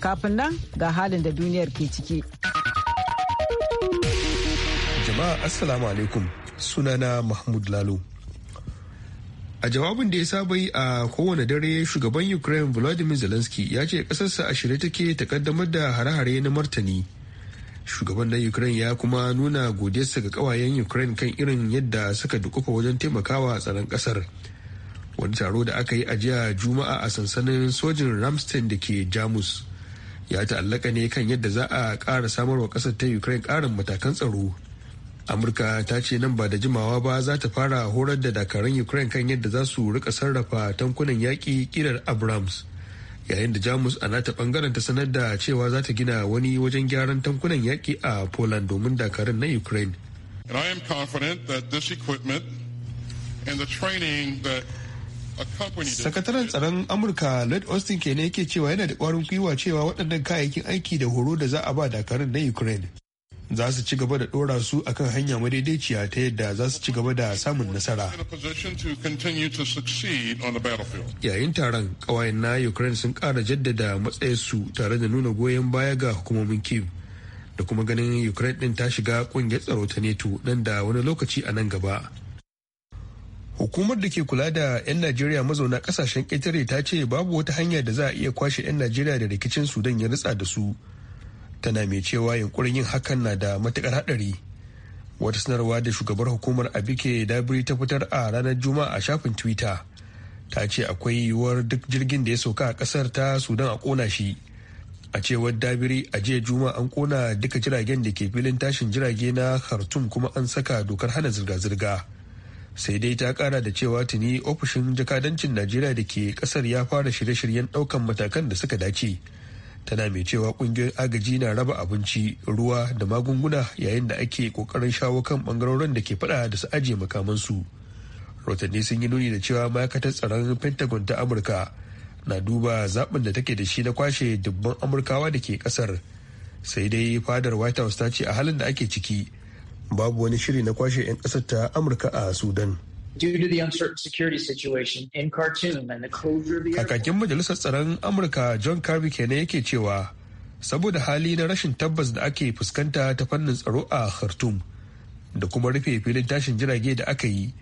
Kafin nan ga halin da duniyar ke ciki. Jama'a Assalamu alaikum sunana Mahmud Lalo. A jawabin da ya saba yi a kowane dare shugaban Ukraine Volodymyr Zelensky ya ce ƙasarsa a shirye take ta kaddamar da hare-hare na martani. Shugaban na Ukraine ya kuma nuna godiyarsa ga kawayen Ukraine kan irin yadda suka dukufa wajen taimakawa tsaron ƙasar. Wani taro da aka yi a jiya Juma'a a sansanin sojin Ramstein da ke Jamus. ya ta'allaka ne kan yadda za a ƙara wa ƙasar ta ukraine ƙarin matakan tsaro amurka ta ce nan ba da jimawa ba za ta fara horar da dakarun ukraine kan yadda za su rika sarrafa tankunan yaƙi kirar abrams yayin da jamus a nata bangaren ta sanar da cewa za ta gina wani wajen gyaran tankunan yaƙi a poland domin dakarun na ukraine And I am Sakataren tsaron Amurka Lloyd Austin ke ne yake cewa yana da kwarin gwiwa cewa waɗannan kayayyakin aiki da horo da za a ba dakarun na Ukraine za su ci gaba da ɗora su akan hanya madaidaiciya ta yadda za su ci gaba da samun nasara. Yayin taron ƙawayen na Ukraine sun ƙara jaddada matsayinsu tare da nuna goyon baya ga hukumomin Kiev da kuma ganin Ukraine ɗin ta shiga ƙungiyar tsaro ta NATO nan da wani lokaci a nan gaba. Hukumar da ke kula da 'yan Najeriya mazauna kasashen ƙetare ta ce babu wata hanya da za a iya kwashe 'yan Najeriya da rikicin Sudan ya ritsa da su. Tana mai cewa yunkurin yin hakan na da matukar haɗari. Wata sanarwa da shugabar hukumar Abike Dabiri ta fitar a ranar Juma'a a shafin Twitter. Ta ce akwai yiwuwar duk jirgin da ya sauka a ƙasar ta Sudan a kona shi. a cewar dabiri a jiya juma an kona duka jiragen da ke filin tashin jirage na khartoum kuma an saka dokar hana zirga-zirga sai dai ta kara da cewa tuni ofishin jakadancin najeriya da ke kasar ya fara shirye-shiryen daukan matakan da suka dace tana mai cewa kungiyoyin agaji na raba abinci ruwa da magunguna yayin da ake kokarin shawo kan bangarorin da ke fada da su ajiye makamansu rotanni sun yi nuni da cewa ma'aikatar tsaron pentagon ta amurka na duba zaɓin da take da shi na kwashe dubban amurkawa da ke kasar sai dai fadar white house ta ce a halin da ake ciki babu wani shiri na kwashe 'yan ƙasar ta amurka a sudan kakakin majalisar tsaron amurka john kirby kenan yake cewa saboda hali na rashin tabbas da ake fuskanta ta fannin tsaro a khartoum da kuma rufe filin tashin jirage da aka yi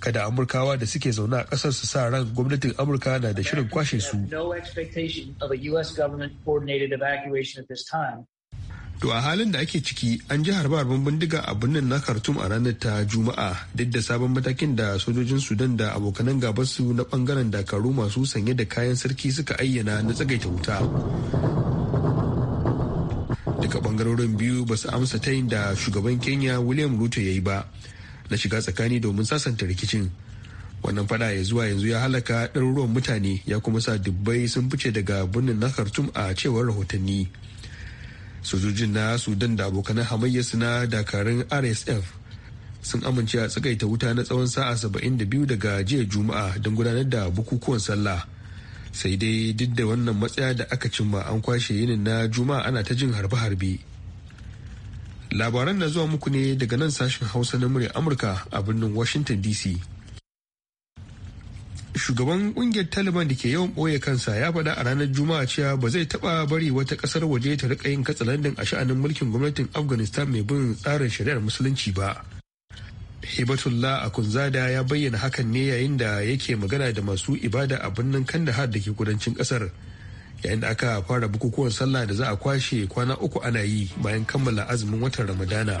kada amurkawa da suke zaune a ƙasar su sa ran gwamnatin amurka na da shirin kwashe su To a halin da ake ciki an ji harbar bindiga a birnin na Khartoum a ranar ta Juma'a duk da sabon matakin da sojojin Sudan da abokanan su na bangaren dakaru masu sanye da kayan sarki suka ayyana na tsagaita wuta. daga bangarorin biyu ba su amsa ta yin da shugaban Kenya William Ruto ya yi ba na shiga tsakani domin sasanta rikicin. Wannan fada ya zuwa yanzu ya halaka ɗaruruwan mutane ya kuma sa dubbai sun fice daga birnin na Khartoum a cewar rahotanni. sojojin na sudan da abokan hamayyarsu na dakarun rsf sun amince a tsagaita wuta na tsawon sa'a biyu daga jiya juma'a don gudanar da bukukuwan sallah sai dai duk da wannan matsaya da aka cimma an kwashe yinin na juma'a ana ta jin harbe-harbe labaran na zuwa muku ne daga nan sashen hausa na murya amurka a birnin washington dc shugaban kungiyar taliban da ke yawan ɓoye kansa ya faɗa a ranar juma'a cewa ba zai taɓa bari wata ƙasar waje ta riƙa yin katsalandin a sha'anin mulkin gwamnatin afghanistan mai bin tsarin shari'ar musulunci ba hibatullah akunzada ya bayyana hakan ne yayin da yake magana da masu ibada a birnin kandahar da ke kudancin ƙasar yayin da aka fara bukukuwan sallah da za a kwashe kwana uku ana yi bayan kammala azumin watan ramadana.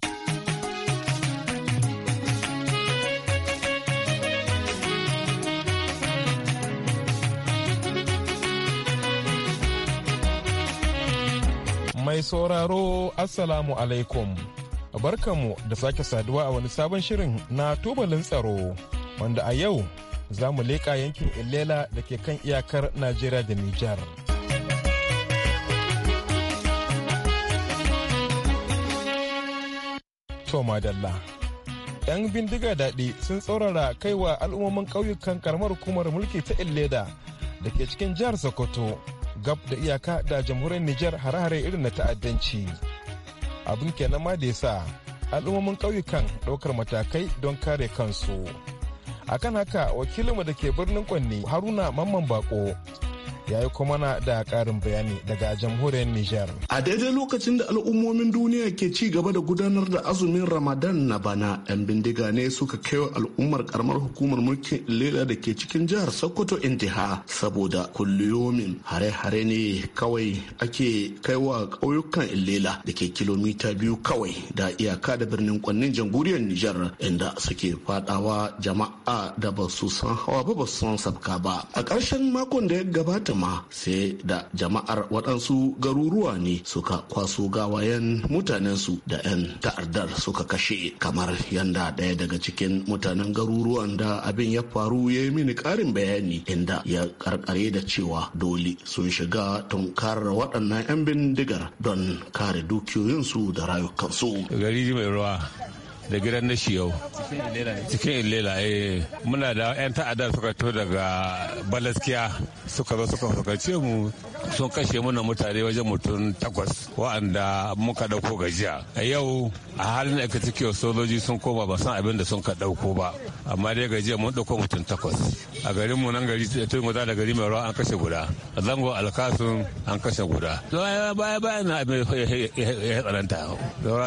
Mai sauraro Assalamu alaikum. barkamu da sake saduwa a wani sabon shirin na tubalin tsaro wanda a yau za mu leƙa yankin Ilela da ke kan iyakar Najeriya da Nijar. Toma 'Yan bindiga daɗi sun tsaurara kaiwa al'ummomin ƙauyukan karamar hukumar mulki ta Illeda da ke cikin jihar Sokoto. gab da iyaka da jamhuriyar Nijar hare-hare irin na ta'addanci. Abin kenan ma da yasa al'ummomin ƙauyukan ɗaukar matakai don kare kansu. Akan haka wakilinmu da ke birnin Kwanne Haruna Mamman Bako ya yi kuma na da karin bayani daga jamhuriyar Nijar. A daidai lokacin da al'ummomin duniya ke ci gaba da gudanar da azumin Ramadan na bana, 'yan bindiga ne suka kaiwa al'ummar karamar hukumar mulkin Ilela da ke cikin jihar Sokoto intiha saboda kulliyomin hare-hare ne kawai ake wa ƙauyukan Ilela da ke kilomita biyu kawai da iyaka da birnin kwannin jamhuriyar Nijar inda suke fadawa jama'a da ba su san hawa ba ba su san sabka ba. A ƙarshen makon da ya gabata dama sai da jama'ar waɗansu garuruwa ne suka kwaso gawayen mutanensu da 'yan ta'addar suka kashe kamar yanda ɗaya daga cikin mutanen garuruwan da abin ya faru ya yi mini ƙarin bayani inda ya ƙarƙare da cewa dole sun shiga tunkarar waɗannan 'yan bindigar don kare dukiyoyinsu da rayukansu. Gari mai ruwa. da gidan na yau cikin ilela eh muna da yan ta'adar suka to daga balaskiya suka zo suka fuskace mu sun kashe muna mutane wajen mutum takwas wa'anda muka dauko gajiya a yau a halin da aka ciki sojoji sun koma ba san abin da sun ka dauko ba amma dai gajiya mun dauko mutum takwas a garin mu nan gari ta yi da gari mai ruwa an kashe guda a zango alkasun an kashe guda baya bayan na abin ya tsananta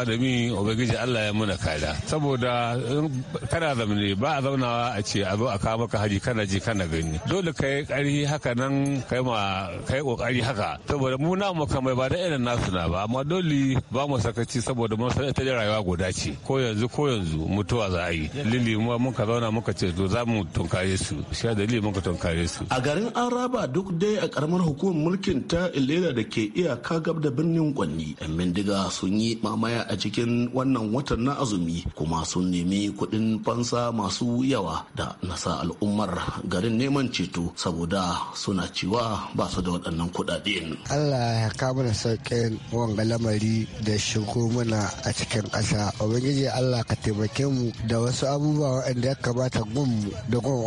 da mi ubangiji Allah ya muna kada saboda kana zamne ba a zaunawa a ce a zo a kawo maka haji kana ji kana gani dole ka yi ƙari haka nan kai ma kai ƙoƙari haka saboda mu na mai ba da irin nasu na ba amma dole ba mu sakaci saboda mun san ita rayuwa guda ce ko yanzu ko yanzu mutuwa za a yi lili mu muka zauna muka ce to za mu tunkare su shi dalili muka tunkare su a garin araba duk dai a karamar hukumar mulkin ta ilera da ke iyaka gab da birnin kwanni yan bindiga sun yi mamaya a cikin wannan watan na azumi kuma sun nemi kuɗin fansa masu yawa da nasa al'ummar garin neman ceto saboda suna cewa ba su da waɗannan kuɗaɗe Allah ya kama da sauƙin wanga lamari da shigo muna a cikin ƙasa. Ubangiji Allah ka taimake mu da wasu abubuwa waɗanda ya kamata gunmu da gun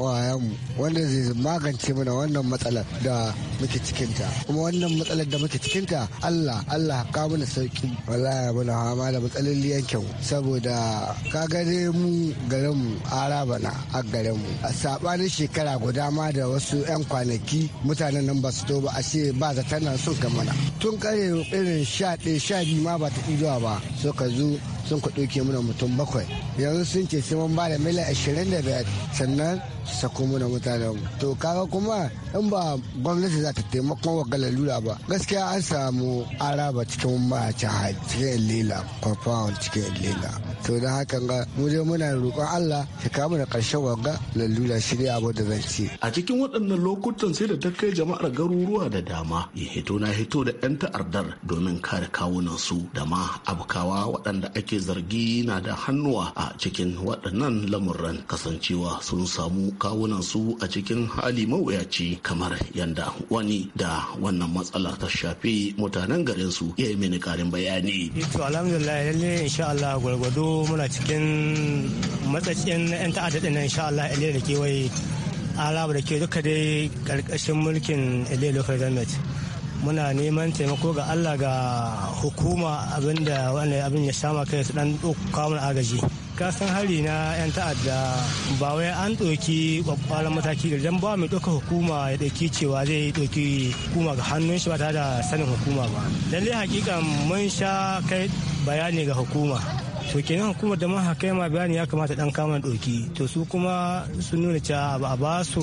mu wanda zai magance mana wannan matsalar da muke cikinta. Kuma wannan matsalar da muke cikinta Allah Allah ka mana sauƙi. Wallahi muna hama da matsalolin yankin saboda Ka kaga dai mu garinmu araba na a garinmu a sabanin shekara guda ma da wasu 'yan kwanaki mutanen nan ba su to ba a ce ba zata nan sun mana tun kare irin sha ɗaya sha biyu ma ba ta zuwa ba so ka zo sun ku ɗauke muna mutum bakwai yanzu sun ce sai mun ba da miliyan ashirin da biyar sannan sako muna mutanen to kaga kuma in ba gwamnati za ta taimakon wa galalula ba gaskiya an samu araba cikin mahacin hali cikin lela kwafawon cikin lela to da haka ga mu dai muna roƙon Allah ya kawo mana karshen wanga lalula shi ne abu da zan ce a cikin waɗannan lokutan sai da ta kai jama'ar garuruwa da dama ya hito na hito da 'yan ta'ardar domin kare kawunan su da ma abkawa waɗanda ake zargi na da hannuwa a cikin waɗannan lamuran kasancewa sun samu kawunansu a cikin hali mawuyaci kamar yanda wani da wannan matsala ta shafi mutanen garinsu ya yi mini karin bayani. ito eh, alhamdulillah lalle insha Allah gwargwado muna cikin matsatsin 'yan ta'adda ɗin insha Allah da kewaye araba da ke duka dai ƙarƙashin mulkin ilai local muna neman taimako ga allah ga hukuma abinda wani abin ya sama kai su dan mana agaji kasan hari na 'yan ta'adda ba wai an ɗauki kwakwaran mataki da dan ba mai ɗauka hukuma ya ɗauki cewa zai ɗauki hukuma ga hannun shi ba tare da sanin hukuma ba lallai hakikan mun sha kai bayani ga hukuma to kenan hukumar da mun kai ma bayani ya kamata dan kama ɗauki to su kuma sun nuna cewa ba a ba su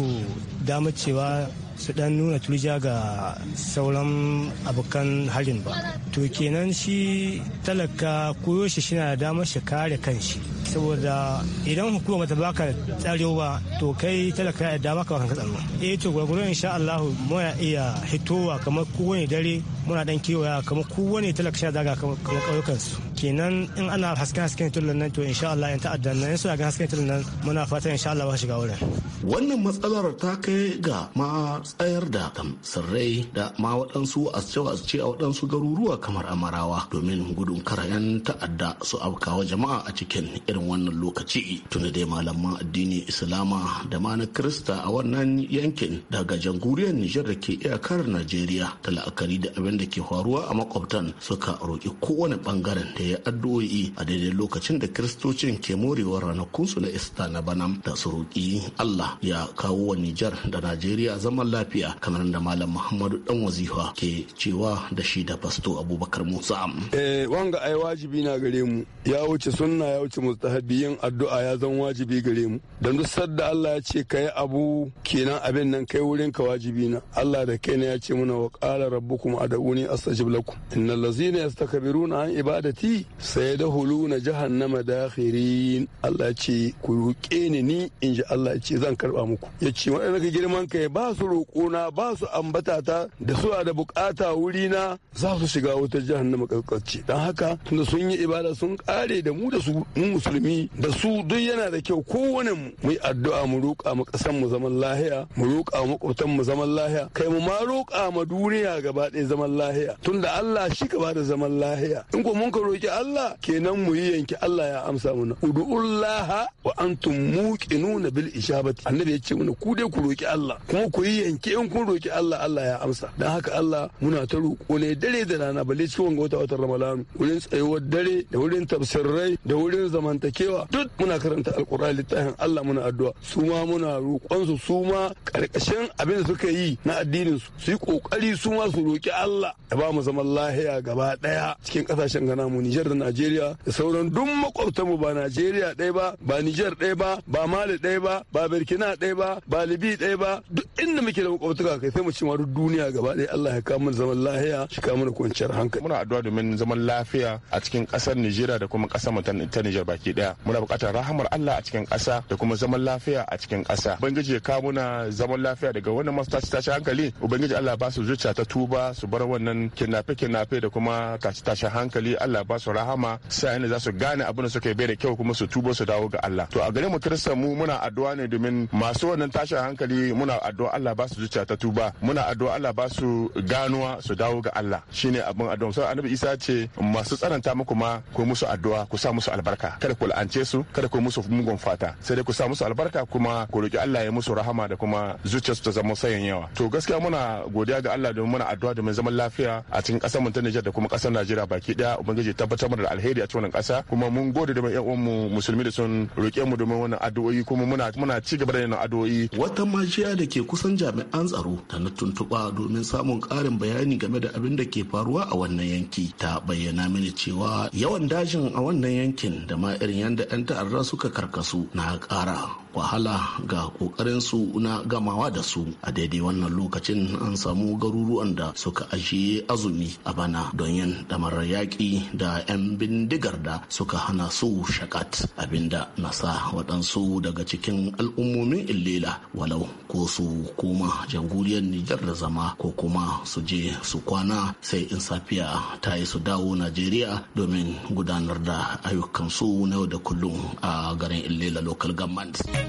damar cewa su dan nuna turja ga sauran abokan harin ba to kenan shi talaka koyo shi na da damar shi kare kanshi saboda idan hukuma ta baka tsariyo ba to kai talaka ya dama ka kanka tsaro eh to gwagwaro insha Allah ya iya hitowa kamar kowane dare muna dan kewaya kamar kowane talaka sha daga kamar kauyukan su kenan in ana hasken hasken tulun nan to insha Allah in ta'addan nan in suna ga hasken tulun nan muna fatan insha Allah ba shiga wurin wannan matsalar ta kai ga ma tsayar da tamsirrai da ma waɗansu a ce a waɗansu garuruwa kamar amarawa domin gudun karayen ta'adda su afkawa jama'a a cikin irin wannan lokaci tuni dai malaman addini islama da ma na krista a wannan yankin daga jamhuriyar nijar da ke iyakar najeriya ta la'akari da abin da ke faruwa a makwabtan suka roƙi kowane ɓangaren da ya addu'o'i a daidai lokacin da kiristocin ke morewar ranakunsu na ista na banam da su roƙi allah ya kawo wa Nijar da Najeriya zaman lafiya kamar da Malam Muhammadu Dan Wazifa ke cewa da shi da Fasto Abubakar Musa. Eh wanga ai wajibi na gare mu ya wuce sunna ya wuce mustahabi yin addu'a ya zan wajibi gare mu dan duk sadda Allah ya ce kai abu kenan abin nan kai wurin ka wajibi na Allah da kai ne ya ce muna wa qala rabbukum ad'uni astajib lakum innal ladzina yastakbiruna an ibadati sayadkhuluna jahannama dakhirin Allah ce ku roke ni ni in ji Allah ce zan karba muku ya ce waɗanda ka girman kai ba su roƙona ba su ambata ta da su da bukata wuri na za su shiga wutar jahannama kaskacce don haka tunda sun yi ibada sun kare da mu da su mu musulmi da su duk yana da kyau kowane mu mu yi addu'a mu roƙa mu ƙasan mu zaman lahiya mu roƙa mu makwabtan mu zaman lahiya kai mu ma roƙa ma duniya gaba ɗaya zaman lahiya tunda Allah shi gaba da zaman lahiya in ko mun ka roƙi Allah kenan mu yi yanki Allah ya amsa mana udu'ullaha wa antum muqinuna bil ijabati annabi ya ce mana ku dai ku roki Allah kuma ku yi yanke in kun roki Allah Allah ya amsa dan haka Allah muna ta roƙo ne dare da rana balle cikin wanga wata watan Ramadan wurin tsayuwar dare da wurin tafsirrai da wurin zamantakewa duk muna karanta alkur'ani littafin Allah muna addu'a su ma muna roƙon su su ma karkashin abin da suka yi na addinin su su yi kokari su ma su roki Allah ya ba mu zaman lahiya gaba daya cikin kasashen gana mu Niger da Najeriya da sauran duk makwabtanmu ba Najeriya ɗaya ba ba Niger ɗaya ba ba Mali ɗaya ba ba birkin kina ɗaya ba ba libi ɗaya ba duk inda muke da makwabtaka kai sai mu ci duk duniya gaba ɗaya Allah ya kawo mana zaman lafiya shi kawo mana kwanciyar hankali muna addu'a domin zaman lafiya a cikin ƙasar Nijeriya da kuma ƙasar mu ta Nijar baki ɗaya muna buƙatar rahamar Allah a cikin ƙasa da kuma zaman lafiya a cikin ƙasa ubangiji ya kawo muna zaman lafiya daga wannan masu tashi tashi hankali ubangiji Allah ba su zuciya ta tuba su bar wannan kinafe kinnafe da kuma tashi tashi hankali Allah ba su rahama sai za su gane abin da suka yi bai da kyau kuma su tuba su dawo ga Allah to a gare mu mu muna addu'a ne domin masu wannan tashin hankali muna addu'a Allah ba su zuciya ta tuba muna addu'a Allah ba su ganuwa su dawo ga Allah shine abin addu'a sai annabi Isa ce masu tsananta muku ma ku musu addu'a ku sa musu albarka kada ku la'ance su kada ku musu mugun fata sai dai ku sa musu albarka kuma ku roki Allah ya musu rahama da kuma zuciyarsu ta zama sayan yawa to gaskiya muna godiya ga Allah domin muna addu'a domin zaman lafiya a cikin ƙasar mu ta Nijar da kuma ƙasar Najeriya baki daya ubangiji tabbatar mana da alheri a cikin ƙasa. kuma mun gode da yan uwan mu musulmi da sun roke mu domin wannan addu'o'i kuma muna muna ci gaba raina adoyi. Wata majiya da ke kusan jami'an tsaro ta na tuntuɓa domin samun ƙarin bayani game da abin da ke faruwa a wannan yanki ta bayyana mini cewa yawan dajin a wannan yankin da ma irin yadda 'yan ta'adda suka karkasu na ƙara wahala ga ƙoƙarinsu na gamawa da su a daidai wannan lokacin an samu garuruwan da suka ajiye azumi a bana don yin damar yaƙi da 'yan bindigar da suka hana su shakat abinda nasa waɗansu daga cikin al'ummomin illela walau ko su koma jamhuriyar nijar da zama ko kuma su je su kwana sai in safiya ta yi su dawo najeriya domin gudanar da ayyukansu na yau da kullum a garin illela local government.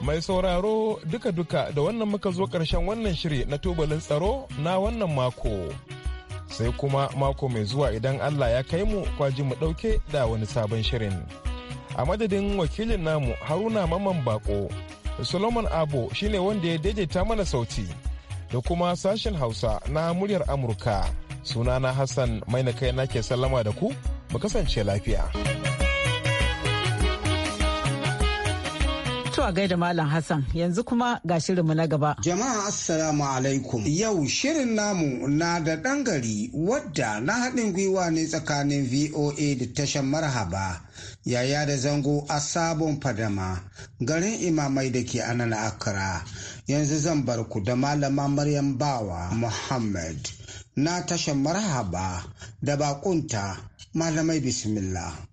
Mai sauraro duka-duka da wannan muka zo ƙarshen wannan shiri na tubalin tsaro na wannan mako. Sai kuma mako mai zuwa idan Allah ya kai mu kwaji mu ɗauke da wani sabon shirin. A madadin wakilin namu Haruna Maman Bako, Solomon Abo shine wanda ya daidaita mana sauti da kuma sashen Hausa na muryar Amurka. sunana hassan mai na kai nake sallama da ku mu kasance lafiya a gaida Malam Hassan yanzu kuma ga shirinmu na gaba. Jama'a Assalamu alaikum. Yau shirin namu na da ɗan gari wadda na haɗin gwiwa ne tsakanin VOA da tashar Marhaba yaya da zango a sabon fadama garin imamai da ke anan Accra. Yanzu zan bar ku da Malama Maryam Bawa Muhammad na tashan marhaba da bakunta malamai bismillah.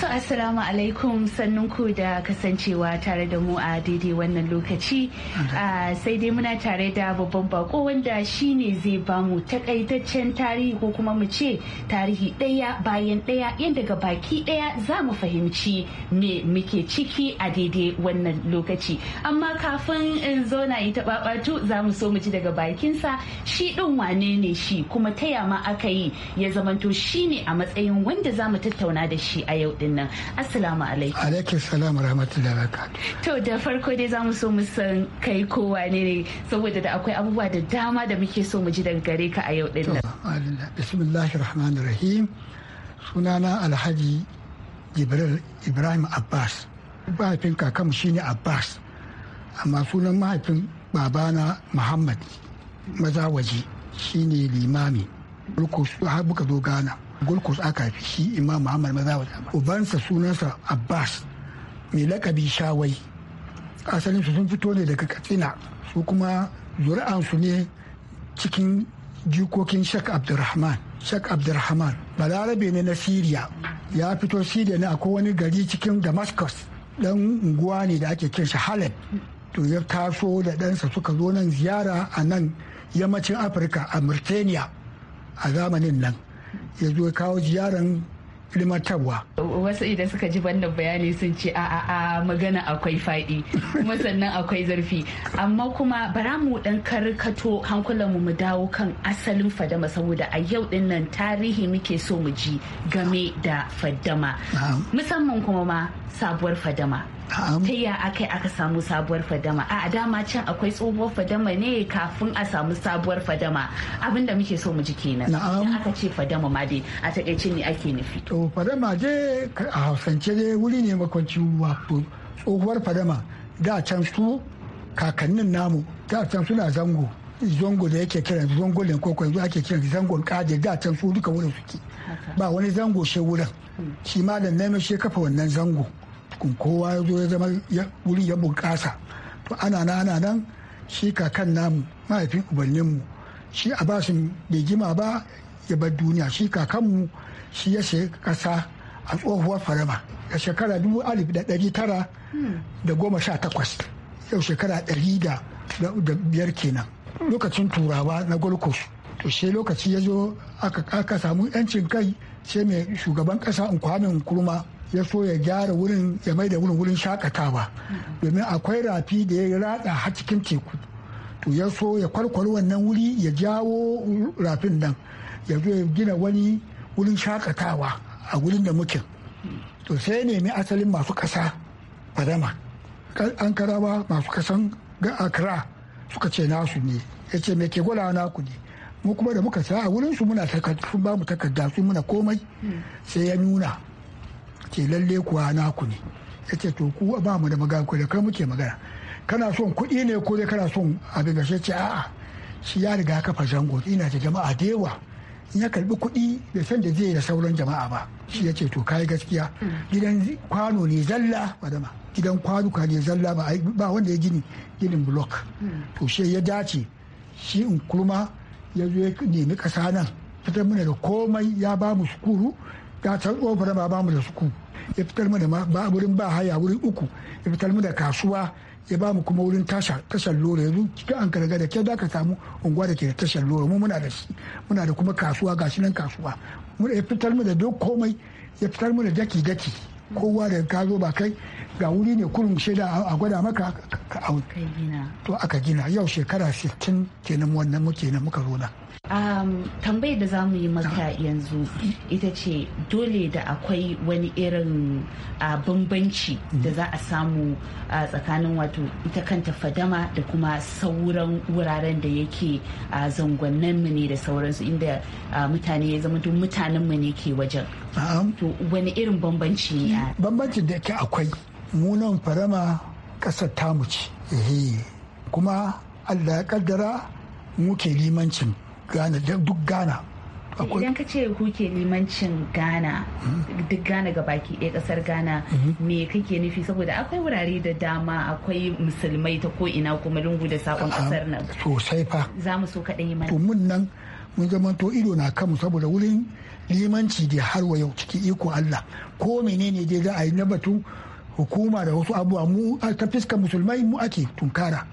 To Assalamu alaikum sannun ku da kasancewa tare da mu a daidai wannan lokaci. Ah, sai dai muna tare da babban bako wanda shi ne zai bamu takaitaccen tarihi ko kuma mu ce tarihi ɗaya bayan ɗaya yadda daga baki ɗaya za mu fahimci me muke ciki a daidai wannan lokaci. Amma kafin in zauna yi taɓaɓatu za mu so mu ji daga bakinsa shi ɗin wane ne shi kuma taya ma aka yi ya zamanto shi ne a matsayin wanda za mu tattauna da shi a yau ɗin. din nan assalamu alaikum alaikum salam rahmatullahi barakatuh to da farko dai zamu so mu san kai kowa ne ne saboda da akwai abubuwa da dama da muke so mu ji daga gare ka a yau din nan bismillahir rahmanir rahim sunana alhaji jibril ibrahim abbas mahaifin kakanmu shine abbas amma sunan mahaifin babana muhammad maza waje shine limami har buka zo gana gulkus aka fi shi imam muhammad maza ubansa sunansa abbas mai lakabi shawai asalin su sun fito ne daga katsina su kuma zuri'ansu ne cikin jikokin shak abdurrahman shak abdurrahman balarabe ne na siriya ya fito siriya ne akwai wani gari cikin damascus dan unguwa ne da ake kin shi to ya taso da ɗansa suka zo nan ziyara a nan yammacin afirka a murtaniya a zamanin nan ya zo kawo jiyaran ilmantarwa. Wasu idan suka ji wannan bayani sun ce a a magana akwai fadi kuma sannan akwai zarfi amma kuma bara mu dan karkato hankulanmu mu dawo kan asalin fadama saboda a yau din nan tarihi muke so mu ji game da fadama musamman kuma ma sabuwar fadama ta ya akai aka samu sabuwar fadama a dama can akwai tsohuwar fadama ne kafin a samu sabuwar fadama abinda muke so mu ji kenan na'am aka ce fadama ma dai a takaice ne ake nufi to fadama je a hausance dai wuri ne makwancin wato tsohuwar fadama da can su kakannin namu da can suna zango zango da yake kiran zango ne ko yanzu ake kiran zangon kaje da can su duka wurin suke ba wani zango hmm. shi wurin shi ma da neman shi kafa wannan zango kowa ya zo ya zama wuri ya bunƙasa to ana na ana nan shi kakan namu mahaifin mu. shi a basin bai gima ba ya bar duniya shi mu shi ya shi ƙasa a tsohuwar farama a shekara dubu alif da ɗari tara da goma sha takwas yau shekara ɗari da biyar kenan lokacin turawa na golkos to sai lokaci ya zo aka samu yancin kai sai mai shugaban ƙasa nkwamin kurma ya so ya gyara wurin ya mai da wurin wurin shakatawa domin akwai rafi da ya ratsa har cikin teku to ya so ya kwalkwali wannan wuri ya jawo rafin nan ya zo ya gina wani wurin shakatawa a wurin da muke to sai ya nemi asalin masu kasa fadama an karawa masu kasan ga akra suka ce nasu ne ya ce me ke na naku ne mu kuma da muka sa a wurin su muna takardu sun ba mu takarda sun muna komai hmm. sai ya nuna ce lalle kuwa naku ne ya ce to ku ba mu da magana ko da kai muke magana kana son kuɗi ne ko dai kana son abin da ce a'a shi ya riga kafa zango ina ce jama'a da yawa ya karbi kuɗi da san da zai da sauran jama'a ba shi ya ce to kai gaskiya gidan kwano ne zalla madama gidan kwanuka ne zalla ba ba wanda ya gini ginin block to shi ya dace shi in kuma ya zo ya nemi kasa nan fitar mana da komai ya ba mu sukuru ya ta tsofar ma bamu da suku ya fitar mu da ba wurin ba haya wurin uku ya fitar mu da kasuwa ya ba mu kuma wurin tasha tashar loro yanzu cikin an karga da ke za samu unguwa da ke da tashar loro mu muna da shi muna da kuma kasuwa gashi nan kasuwa mu ya fitar mu da duk komai ya fitar mu da daki daki kowa daga ka zo ba kai ga wuri ne kurin shaida a gwada maka a to aka gina yau shekara 60 kenan wannan muke na muka zo um, da za mu yi maka ah. yanzu ita ce dole da akwai wani irin uh, bambanci da mhm. za a samu tsakanin wato ita kanta fadama da kuma sauran wuraren da yake uh, zangonnin mu ne da sauransu inda uh, mutane ya zama mutanen mu ne ke wajen wani irin bambanci ne bambancin da ke akwai munan farama kasar tamu ce kuma allah ya kaddara muke limancin gana duk gana idan ka ce kuke limancin ghana hmm. duk ghana ga baki ɗaya ƙasar ghana hmm. me kake nufi saboda akwai wurare da dama akwai musulmai ta ko'ina, ina kuma lungu da saƙon ƙasar nan sosai fa za mu so kaɗai mana mun to ido na kanmu saboda wurin limanci da har wa yau ciki iko Allah ko menene dai za a yi na batun hukuma da wasu abubuwa mu ta fiskar musulmai mu ake tunkara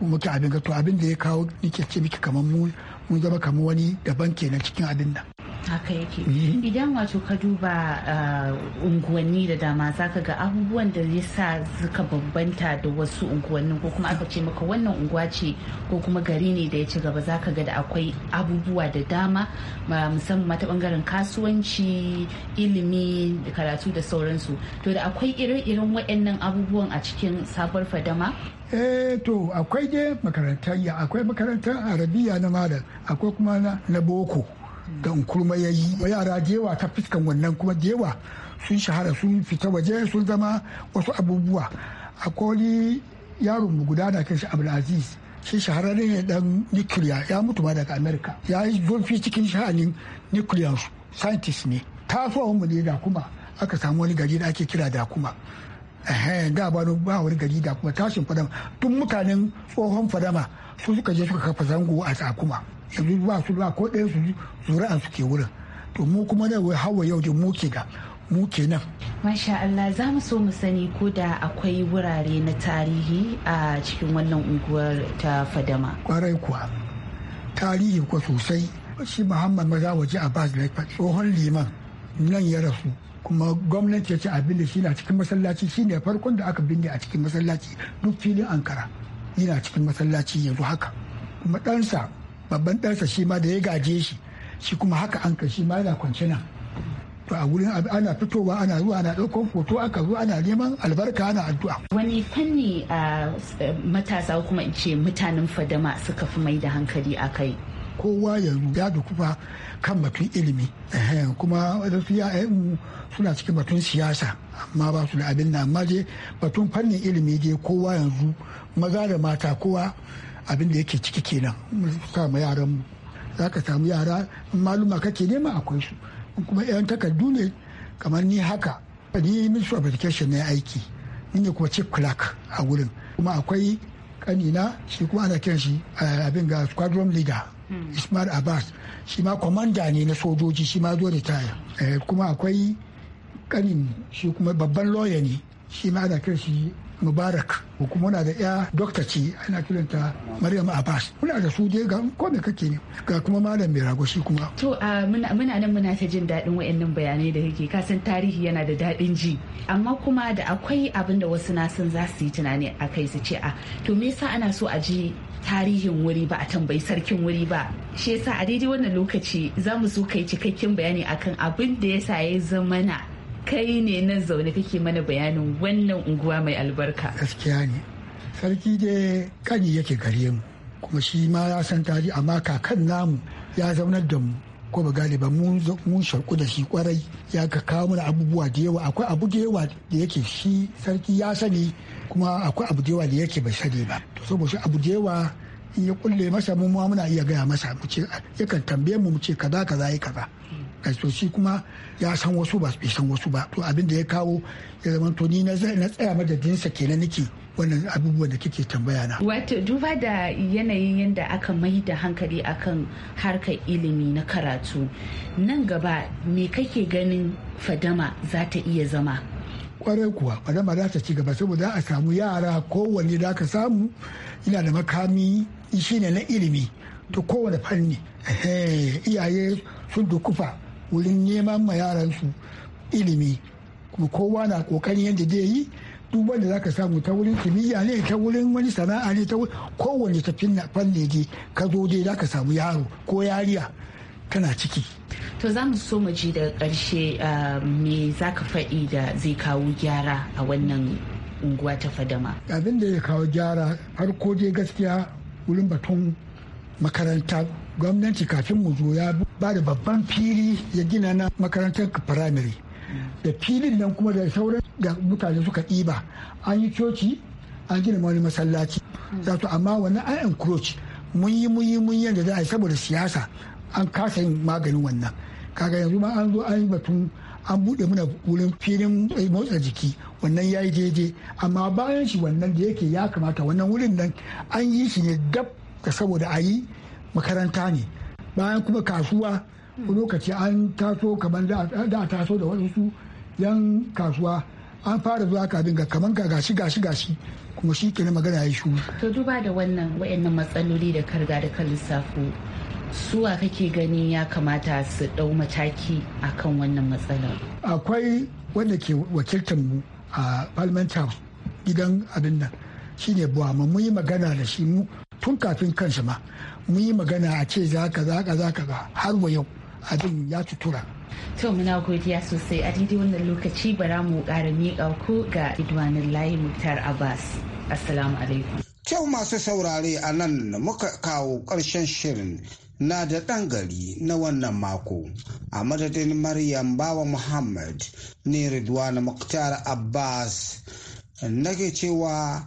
muke abin to abin da ya kawo nike ce miki kamar mu mun zama kamar wani daban kenan cikin abin nan haka yake mm-hmm. idan wato ka duba uh, unguwanni da dama zaka ga abubuwan da ya sa suka bambanta da wasu unguwanni ko kuma aka ce maka wannan unguwa ce ko kuma gari ne da ya ci gaba zaka ga da akwai abubuwa da dama musamman ta bangaren kasuwanci ilimi karatu da sauransu to da akwai ire-iren waɗannan abubuwan a cikin sabuwar fadama eh to akwai dai makarantar ya akwai makarantar arabiya na malam akwai kuma na boko don Kuma ya yi yara da yawa ta fuskan wannan kuma da yawa sun shahara sun fita waje sun zama wasu abubuwa a koli yaron mu guda da abu abdulaziz shi shahararre ne dan nukiliya ya mutu ma daga amerika ya yi zurfi cikin sha'anin nukiliya scientist ne tasowar mu ne da kuma aka samu wani gari da ake kira da kuma da ba ba wani gari da kuma tashin fadama tun mutanen tsohon fadama su suka je suka kafa zango a tsakuma yanzu ba su ba ko ɗayan su zuri'an su ke wurin to mu kuma da wai hawa yau da mu ke da mu nan. Masha Allah za mu so mu sani ko da akwai wurare na tarihi a cikin wannan unguwar ta Fadama. Kwarai kuwa tarihi kuwa sosai shi Muhammad maza waje a Abbas da tsohon liman nan ya rasu kuma gwamnati ya ce abin da shi na cikin masallaci shi ne farkon da aka binne a cikin masallaci duk filin Ankara yana cikin masallaci yanzu haka kuma ɗansa babban ɗansa shi ma da ya gaje shi shi kuma haka an shi ma yana kwance nan to a wurin ana fitowa ana zuwa ana ɗaukan hoto aka zo ana neman albarka ana addu'a wani fanni a ah, matasa kuma in ce mutanen fadama suka fi mai da hankali a kai kowa ya ya dukufa kan batun ilimi kuma wasu ya'yan suna cikin batun siyasa amma ba su da abin na amma je batun fannin ilimi je kowa yanzu maza da mata kowa abin da yake ciki kenan kama yaran mu za ka samu yara maluma kake nema akwai su kuma yan takardu ne kamar ni haka ni ministry of education ne aiki ni ne kuma chief clerk a wurin kuma akwai kanina shi kuma ana kiran shi eh, abin ga squadron leader hmm. ismail abbas shi ma kwamanda ne na sojoji shi ma zo ritaya eh, kuma akwai kanin shi kuma babban lawyer ne shi ma ana kiran shi mubarak ko kuma muna da ya dokta ce ana kiranta maryam abbas muna da su dai ga kome kake ne ga kuma malam mai rago shi kuma to muna nan muna ta jin daɗin wayannan bayanai da kake ka san tarihi yana da daɗin ji amma kuma da akwai abin da wasu na san za su yi tunani a kai su ce a ah, to me yasa ana so a ji tarihin wuri ba a tambayi sarkin wuri ba shi yasa a daidai wannan lokaci za mu so kai cikakken bayani akan abin da yasa ya zama na kai ne na zaune kake mana bayanin wannan unguwa mai albarka gaskiya ne sarki da kani yake gare mu kuma shi ma ya san tari amma kakan namu ya zaunar da mu ko ba galiba mun sharku da shi kwarai ya ka kawo mana abubuwa da yawa akwai abu da yawa da yake shi sarki ya sani kuma akwai abu da yawa da yake bai sani ba to saboda shi abu da yawa in ya kulle masa mu ma muna iya gaya masa mu ce yakan tambaye mu mu ce kaza kaza yi kaza to shi kuma ya san wasu ba bai san wasu ba to abin da ya kawo ya zama to ni na tsaya madadinsa kenan nake wannan abubuwan da kike tambaya na. Wato duba da yanayin yadda aka mai da hankali akan harkar ilimi na karatu nan gaba me kake ganin fadama za ta iya zama? Kwarai kuwa fadama za ta ci gaba saboda a samu yara kowanne da aka samu yana da makami shine na ilimi to kowane fanni iyaye sun dukufa wurin neman ma yaransu ilimi kowa na kokarin yadda zai yi duk wanda zaka samu ta wurin kimiyya ne ta wurin wani sana'a ne ta kowane tafin na fanne je ka zo dai zaka samu yaro ko yariya tana ciki to za mu so mu ji daga karshe eh, me za ka faɗi da zai kawo gyara a wannan unguwa ta fadama abin da ya kawo gyara har ko dai gaskiya wurin batun makaranta gwamnati kafin mu zo ya ba da babban fili ya gina na makarantar firamare da filin nan kuma da sauran da mutane suka ɗiba an yi coci an gina wani masallaci zato amma wani an encroach mun yi mun yi mun yadda za a yi saboda siyasa an kasa yin maganin wannan kaga yanzu ma an zo an yi batun an buɗe mana wurin filin eh, motsa jiki wannan ya yi daidai amma bayan shi wannan da yake ya kamata wannan wurin nan an yi shi ne dab da saboda a yi makaranta ne bayan kuma kasuwa lokaci an taso kamar da a taso da waɗansu yan kasuwa an fara zuwa kafin ga kamar ga gashi gashi gashi kuma shi kenan magana ya yi to duba da wannan wa'annan matsaloli da karga da kan lissafo suwa kake gani ya kamata su dau mataki akan wannan matsalar. akwai wanda ke wakiltar mu a parliament gidan abin nan shine buwa mun yi magana da shi mu tun kafin kansa ma mun yi magana a ce za ka za ka za ka har wa yau abin ya tutura to muna godiya sosai a daidai wannan lokaci bara mu ƙara miƙa ku ga idwanin layi muktar abbas assalamu alaikum kyau masu saurare a nan muka kawo ƙarshen shirin na da ɗan gari na wannan mako a madadin maryam bawa muhammad ne ridwan muktar abbas nake cewa